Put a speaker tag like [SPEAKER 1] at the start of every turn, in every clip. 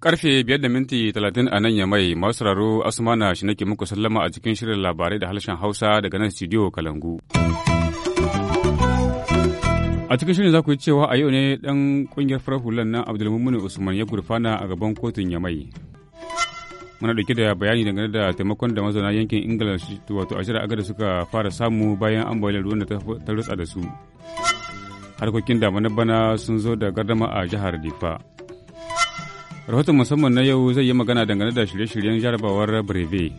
[SPEAKER 1] Karfe biyar da minti talatin a nan ya mai masu raro Asmana shi nake muku sallama a cikin shirin labarai da harshen Hausa daga nan studio Kalangu. a cikin shirin za ku yi cewa a yau ne ɗan ƙungiyar farar hulan na abdulmumunu usman ya gurfana a gaban kotun mai. muna dauke da bayani dangane da taimakon da mazauna yankin ingila wato a shirar agada suka fara samu bayan ambaliyar ruwan da ta rutsa da su harkokin damana bana sun zo da gardama a jihar difa rahoton musamman na yau zai yi magana dangane da shirye-shiryen jarabawar breve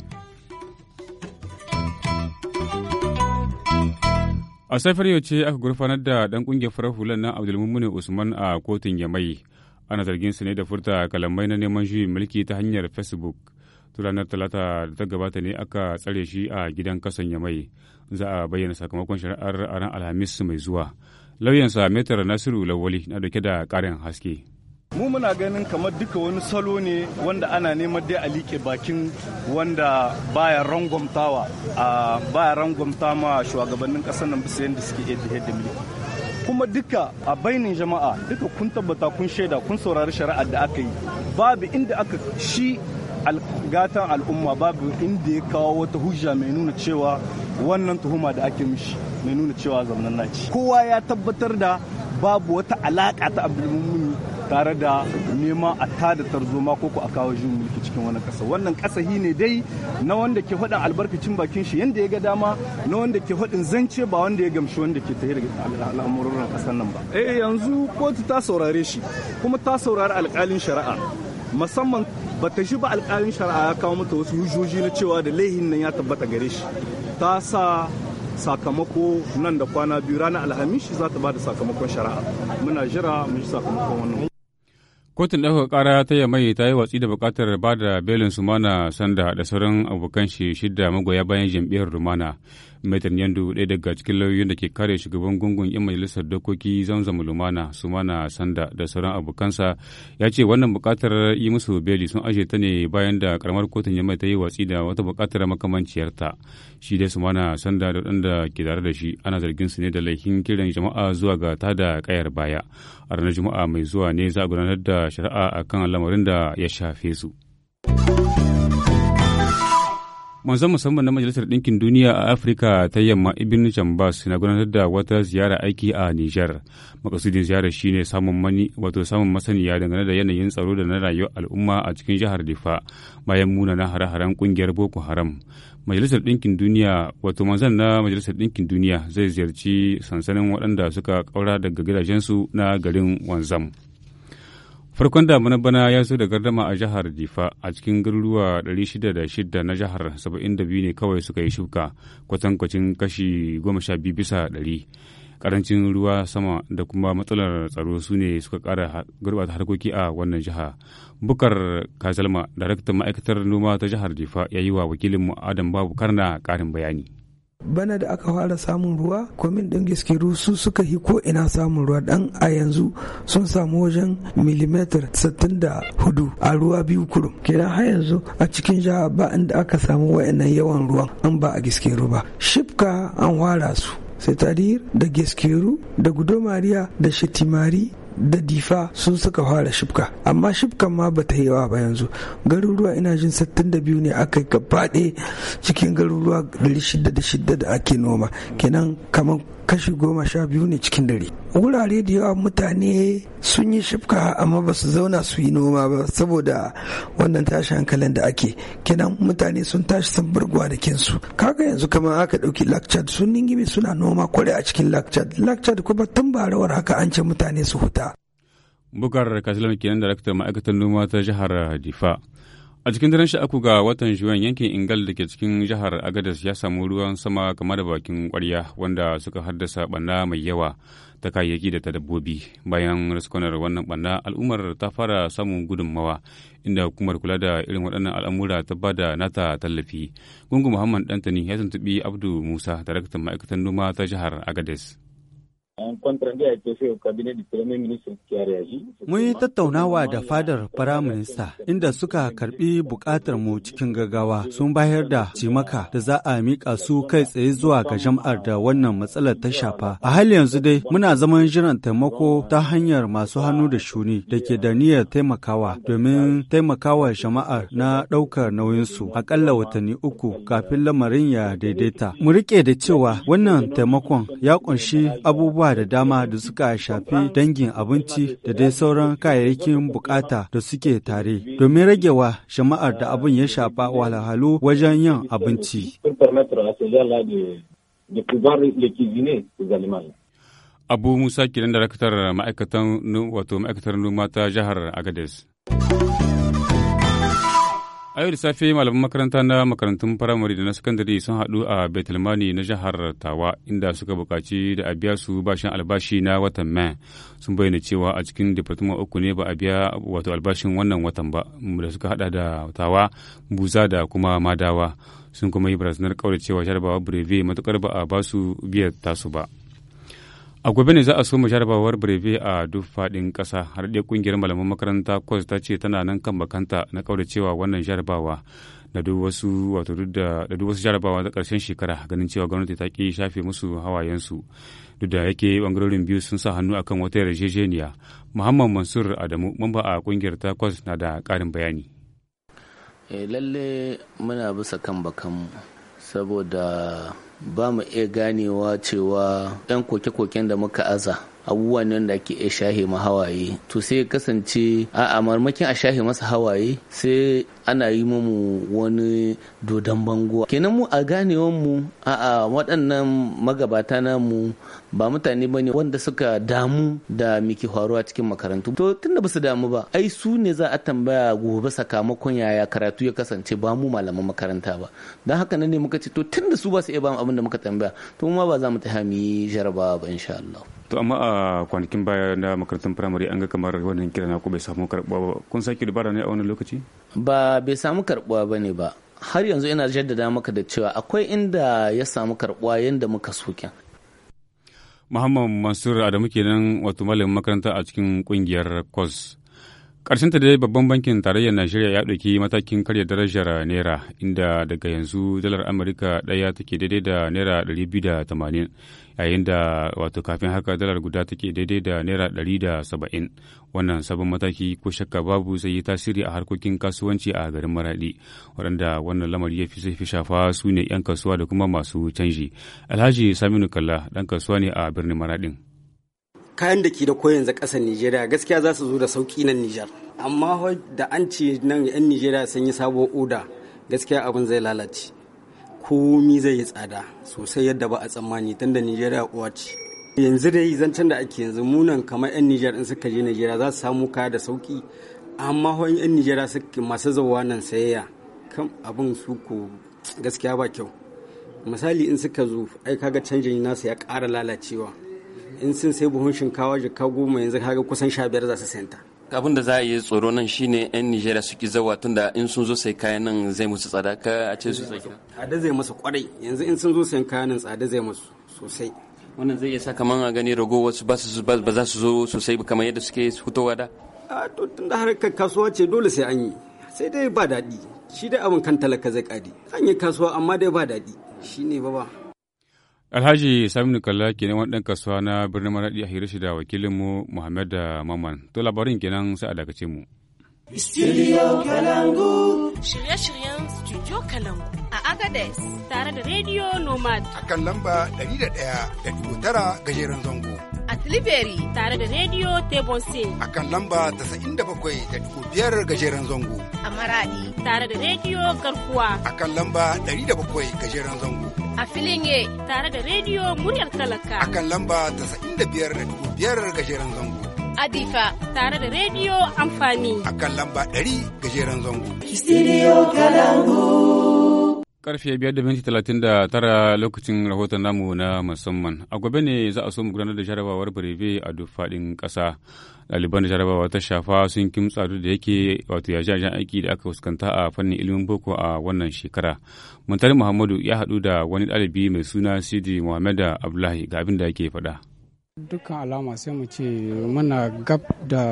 [SPEAKER 1] a safiyar yau ce aka gurfanar da dan kungiyar farar hular na abdulmumuni usman a kotun yamai ana zargin su ne da furta kalamai na neman juyin mulki ta hanyar facebook ta ranar talata da ta gabata ne aka tsare shi a gidan kasan yamai za a bayyana sakamakon shari'ar a ran alhamis mai zuwa lauyansa metar nasiru lawali na dauke da karin haske
[SPEAKER 2] mu muna ganin kamar duka wani salo ne wanda ana neman dai a liƙe bakin wanda baya rangwamtawa a baya rangwamta ma shugabannin ƙasar nan bisa yadda suke yadda mulki kuma duka a bainin jama'a duka kun tabbata kun shaida kun saurari shari'ar da aka yi babu inda aka shi gatan al'umma babu inda ya kawo wata hujja mai nuna cewa wannan tuhuma da ake mishi mai nuna cewa zamanin naci kowa ya tabbatar da babu wata alaƙa ta abdulmumin tare da nema a tada tarzoma ko ku a kawo jin mulki cikin wani ƙasa wannan ƙasa hi ne dai na wanda ke faɗin albarkacin bakin shi yanda ya ga dama na wanda ke faɗin zance ba wanda ya gamshi wanda ke tare da al'amuran ƙasar nan ba eh yanzu kotu ta saurare shi kuma ta saurari alƙalin shari'a musamman ba ta shi ba alƙalin shari'a ya kawo mata wasu hujjoji na cewa da laihin nan ya tabbata gare shi ta sa sakamako nan da kwana biyu ranar alhamis za ta ba da sakamakon shari'a muna jira mu ji sakamakon wannan
[SPEAKER 1] kotun ɗaukar ƙara ta yi mai ta yi watsi da bukatar ba da belin sumana sanda da sauran abokan shi shidda magoya bayan jam'iyyar rumana Maitar Yandu ɗaya daga cikin lauyoyin da ke kare shugaban gungun 'yan majalisar dokoki Zamzam Lumana Sumana Sanda da sauran abokansa ya ce wannan buƙatar yi musu beli sun ashe ta ne bayan da karamar kotun yamma ta yi watsi da wata buƙatar makamanciyarta. Shi dai Sumana Sanda da wadanda ke tare da shi ana zargin su ne da laifin kiran jama'a zuwa ga da kayar baya. A ranar Juma'a mai zuwa ne za a gudanar da shari'a akan lamarin da ya shafe su. manzon musamman na majalisar ɗinkin duniya a afirka ta yamma ibn jambas na gudanar da wata ziyara aiki a nijar makasudin ziyarar shine samun mani wato samun masaniya dangane da yanayin tsaro da na rayuwar al'umma a cikin jihar difa bayan muna na hare-haren kungiyar boko haram majalisar ɗinkin duniya wato manzon na majalisar ɗinkin duniya zai ziyarci sansanin waɗanda suka ƙaura daga gidajensu na garin wanzam. Farkon damuna bana ya zo da gardama a jihar Difa a cikin garuruwa 606 na jihar 72 ne kawai suka yi shuka kwatankwacin kashi 12 bisa 100. Karancin ruwa sama da kuma matsalar tsaro su ne suka kara gurbata harkoki a wannan jiha. Bukar Kazalma, daraktan ma'aikatar noma ta jihar Difa, ya yi wa wakilinmu Adam Babu Karna karin bayani.
[SPEAKER 3] bana da aka fara samun ruwa kwamin ɗin giskiru su suka yi ko ina samun ruwa dan a yanzu sun samu wajen milimetar 64 a ruwa biyu kurum kenan har yanzu a cikin ja ba inda aka samu wayannan yawan ruwan an ba a giskiru ba shifka an wara su sai setadir da geskeru da gudomariya da shitimari da difa sun suka fara shifka amma shifkan ma bata yi yawa ba yanzu garuruwa ina jin sattin da biyu ne aka gabaɗe cikin garuruwa shida da ake noma kenan kamar kashi goma sha biyu ne cikin dare wurare da yawa mutane sun yi shifka amma ba su zauna su yi noma ba saboda wannan tashi hankalin da ake kenan mutane sun tashi sun bar kinsu kaga yanzu kamar aka ɗauki lakchad sun gimi suna noma kwarai a cikin lakchad lakchad kuma tun barawar haka an ce mutane su huta
[SPEAKER 1] bukar kasilan kenan daraktan ma'aikatan noma ta jihar difa A cikin daren sha'aku ga watan Juwan yankin Ingal da ke cikin jihar Agadez ya samu ruwan sama kamar da bakin kwarya wanda suka haddasa banna mai yawa ta kayayyaki da ta dabbobi. Bayan raskunar wannan banna al'ummar ta fara samun gudunmawa inda hukumar kula da irin waɗannan al'amura ta ba da nata tallafi. Gungun Muhammad Dantani ya tuntuɓi Abdu Musa, daraktan ma'aikatan noma ta jihar Agadez.
[SPEAKER 4] Mun yi tattaunawa da fadar firaminista inda suka karbi bukatar mu cikin gaggawa sun bayar da cimaka da za a miƙa su kai tsaye zuwa ga jam'ar da wannan matsalar ta shafa. A hali yanzu dai muna zaman jiran taimako ta hanyar masu hannu da shuni da ke da niyyar taimakawa domin taimakawa jama'ar na ɗaukar nauyinsu aƙalla watanni uku kafin lamarin ya daidaita. Mu rike da cewa wannan taimakon ya ƙunshi abubuwa da dama da suka shafi dangin abinci da dai sauran kayayyakin bukata da suke tare domin ragewa shama'ar da abin ya shafa walhalu wajen yin abinci.
[SPEAKER 1] Abu Musa kiran da rakatar ma'aikatan wato ma'aikatar noma ta jihar Agadez. A yau da safe malaman makaranta na makarantun firamare da na sakandare sun haɗu a Betulmani na jihar Tawa inda suka buƙaci da a biya su bashin albashi na watan Mai. Sun bayyana cewa a cikin departament uku ne ba a biya wato albashin wannan watan ba da suka haɗa da Tawa, Buza da kuma Madawa. Sun kuma yi barazanar cewa jarabawa Breve matuƙar ba a basu biyar tasu ba. a gobe ne za a soma jarabawar birebe a duk faɗin ƙasa har ɗaya ƙungiyar malaman makaranta kwas ta ce tana nan kan bakanta na cewa wannan jarabawa da duk wasu wato da duk wasu jarabawa ta ƙarshen shekara ganin cewa gwamnati ta ƙi shafe musu hawayensu duk da yake bangarorin biyu sun sa hannu akan wata yarjejeniya muhammad mansur adamu mamba a ƙungiyar ta kwas na da ƙarin bayani
[SPEAKER 4] eh, lalle muna bisa kan bakanmu saboda ba mu iya ganewa cewa 'yan koke-koken da muka aza abubuwan nan da ake iya shahe ma hawaye to sai kasance a marmakin a shahe masa hawaye sai ana yi mamu wani dodon bango kenan mu a ganewan mu a waɗannan magabata namu ba mutane ba ne wanda suka damu da miki faruwa cikin makarantu to tun ba su damu ba ai su ne za a tambaya gobe sakamakon yaya karatu ya kasance ba mu malaman makaranta ba don haka nan ne muka ce to tun da su ba su iya ba abin da muka tambaya to ma ba za mu ta hami jaraba ba insha Allah
[SPEAKER 1] to amma a kwanakin baya na makarantun firamare an ga kamar wannan kira na ku bai samu karbuwa ba kun saki dubara ne a wannan lokaci ba bai samu
[SPEAKER 4] karbuwa ba ne ba har yanzu ina jaddada maka da cewa akwai inda ya samu karbuwa yanda muka soke
[SPEAKER 1] Muhammad Mansur Adamu kenan wato malamin makaranta a cikin kungiyar course karshen ta dai babban bankin tarayyar najeriya ya ɗauki matakin karya darajar naira inda daga yanzu dalar amurka ɗaya take daidai da naira ɗari biyu da tamanin yayin da wato kafin haka dalar guda take daidai da naira ɗari da saba'in wannan sabon mataki ko shakka babu zai yi tasiri a harkokin kasuwanci a garin maraɗi waɗanda wannan lamari ya fi shafa su ne 'yan kasuwa da kuma masu canji alhaji saminu kalla ɗan kasuwa ne a birnin maraɗin
[SPEAKER 4] kayan da ke da koyon za ƙasar Nijeriya gaskiya za su zo da sauƙi nan Nijar. Amma da an ce nan 'yan Nijeriya sun yi sabon oda gaskiya abin zai lalace. Komi zai yi tsada sosai yadda ba a tsammani da Nijeriya uwa ce. Yanzu dai zancen da ake yanzu munan kamar 'yan Nijar in suka je Nijeriya za su samu kaya da sauƙi. Amma hawan 'yan Nijeriya masu zawa nan sayayya kan abin su ko gaskiya ba kyau. Misali in suka zo ai kaga canjin nasu ya kara lalacewa. in sun sai buhun shinkawa jaka goma yanzu kaga kusan sha biyar za su sayanta abin da za a yi tsoro nan shine yan nigeria suke zawa tun da in sun zo sai kayan
[SPEAKER 1] nan zai musu tsada ka a ce su tsaki
[SPEAKER 4] tsada zai musu kwarai yanzu in sun zo sayan kayan nan tsada zai musu sosai
[SPEAKER 1] wannan zai iya sa kaman a gani rago wasu ba ba za su zo sosai kamar yadda suke fitowa da a
[SPEAKER 4] to tun da harkar kasuwa ce dole sai an yi sai dai ba daɗi shi dai abin kan talaka zai kadi an yi kasuwa amma dai ba daɗi shine ba ba
[SPEAKER 1] Alhaji Saminu Kalla kenan wani ɗan kasuwa na birnin Maraɗi a hira shi da wakilinmu Muhammad eh, Maman. To labarin kenan sai a dakace mu.
[SPEAKER 5] Studio Kalangu. Shirye-shiryen Studio Kalangu a Agadez tare da Radio Nomad. A kan lamba
[SPEAKER 1] 101.9 gajeren zango.
[SPEAKER 5] A Tilibiri tare da Radio tebonse.
[SPEAKER 4] A kan lamba 97.5 gajeren zango.
[SPEAKER 5] A Maradi tare da Radio Garkuwa.
[SPEAKER 3] A kan lamba 107 gajeren zango.
[SPEAKER 5] a filin ye tare da rediyo muryar talaka
[SPEAKER 1] akan lamba da da biyar biyar gajeren zango
[SPEAKER 5] Adifa tare da rediyo amfani akan lamba 100
[SPEAKER 1] gajeren zango
[SPEAKER 5] Studio Kalangu
[SPEAKER 1] Karfe biyar da minti talatin da tara lokacin rahoton namu na musamman. A gobe ne za a so mu gudanar da jarabawar birebe a duk faɗin ƙasa. Ɗaliban da jarabawa ta shafa sun kimtsa duk da yake wato ya aiki da aka fuskanta a fannin ilimin boko a wannan shekara. Muntari Muhammadu ya haɗu da wani ɗalibi mai suna Sidi Muhammad Abdullahi ga abin da yake faɗa.
[SPEAKER 6] dukkan alama sai mu ce muna gab da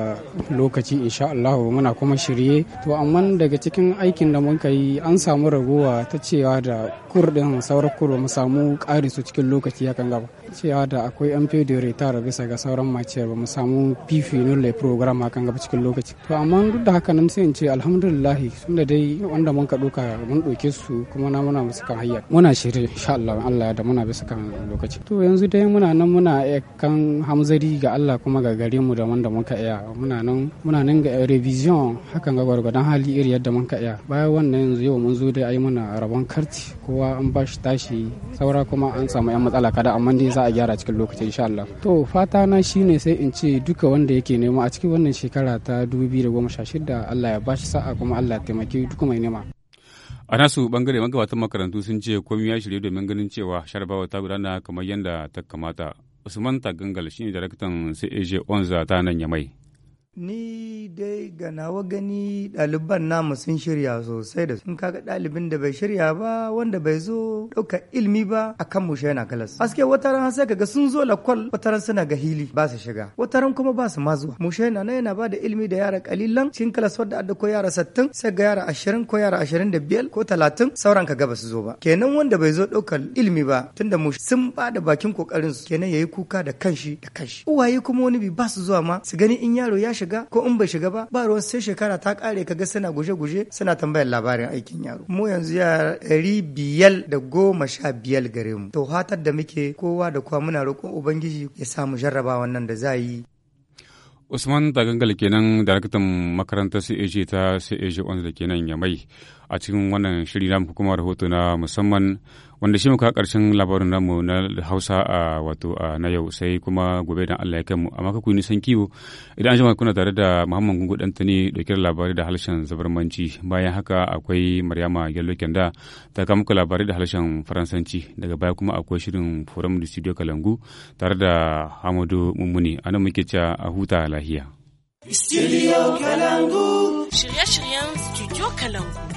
[SPEAKER 6] lokaci insha Allah muna kuma shirye to amma daga cikin aikin da muka yi an samu ragowa ta cewa da kurdin sauran kur mu samu ƙari su cikin lokaci ya kan gaba cewa da akwai an fi da tara bisa ga sauran mace ba mu samu fifi nulle program kan gaba cikin lokaci to amma duk da haka nan sai in ce alhamdulillah da dai wanda mun ka doka mun doke su kuma na muna musu kan hayya muna shirye insha Allah Allah da muna bisa kan lokaci to yanzu dai muna nan muna kan nan hamzari ga Allah kuma ga gare mu da wanda muka iya muna nan muna nan ga revision hakan ga gwargwadon hali iri yadda muka iya bayan wannan yanzu yau mun zo dai ayi muna rabon karti kowa an ba shi tashi saura kuma an samu yan matsala kada amma dai za a gyara cikin lokaci insha Allah to fata na shine sai in ce duka wanda yake nema a cikin wannan shekara ta 2016 Allah ya bashi sa'a kuma Allah ya taimake duka mai nema
[SPEAKER 1] a nasu bangare magabatan makarantu sun ce komi ya shirye domin ganin cewa sharabawa ta gudana kamar yadda ta kamata Usman Tagangal shine daraktan CAG Onza ta nan Yamai.
[SPEAKER 7] Ni dai ga nawa gani ɗaliban namu sun shirya sosai da sun kaga ɗalibin da bai shirya ba wanda bai zo ɗauka ilmi ba a kan mushe na kalas. Aske wataran sai kaga sun zo lakwal wataran suna ga hili ba su shiga wataran kuma ba su mazuwa. Mushe na yana ba da ilmi da yara kalilan cikin kalas wadda adda ko yara sattin sai ga yara ashirin ko yara ashirin da biyar ko talatin sauran ka ga ba su zo ba. Kenan wanda bai zo ɗaukar ilmi ba tunda mushe sun ba da bakin kokarin su kenan yayi kuka da kanshi da kanshi. Uwaye kuma wani bi ba su zuwa ma su gani in yaro ya shiga shiga ko in bai shiga ba ba ruwan sai shekara ta kare kaga suna guje-guje suna tambayar labarin aikin yaro mu yanzu ya ɗari biyar da goma sha biyar gare mu to hatar da muke kowa da kowa muna roƙon ubangiji ya samu jarraba wannan da za yi
[SPEAKER 1] usman dagangal kenan daraktan makarantar cag ta cag wanda da kenan ya mai a cikin wannan shiri na kuma rahoto na musamman wanda shi muka karshen labarin namu na hausa a wato na yau sai kuma gobe dan allah ya kai mu amma ku nisan kiwo idan an jima kuna tare da muhammad gungu dan tani dauke da labarai da harshen zabarmanci bayan haka akwai maryama yallo kenda ta kama muku labarai da harshen faransanci daga baya kuma akwai shirin forum da studio kalangu tare da hamadu mummuni anan muke cewa a huta lahiya
[SPEAKER 5] studio kalangu shirye-shiryen studio kalangu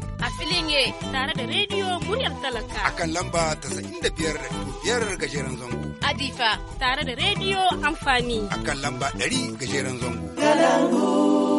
[SPEAKER 5] a filin ye tare da rediyo muryar talaka. A
[SPEAKER 3] kan lamba ta da biyar da biyar gajeren zango.
[SPEAKER 5] Adifa tare da rediyo amfani. A
[SPEAKER 3] kan lamba ɗari gajeren zango.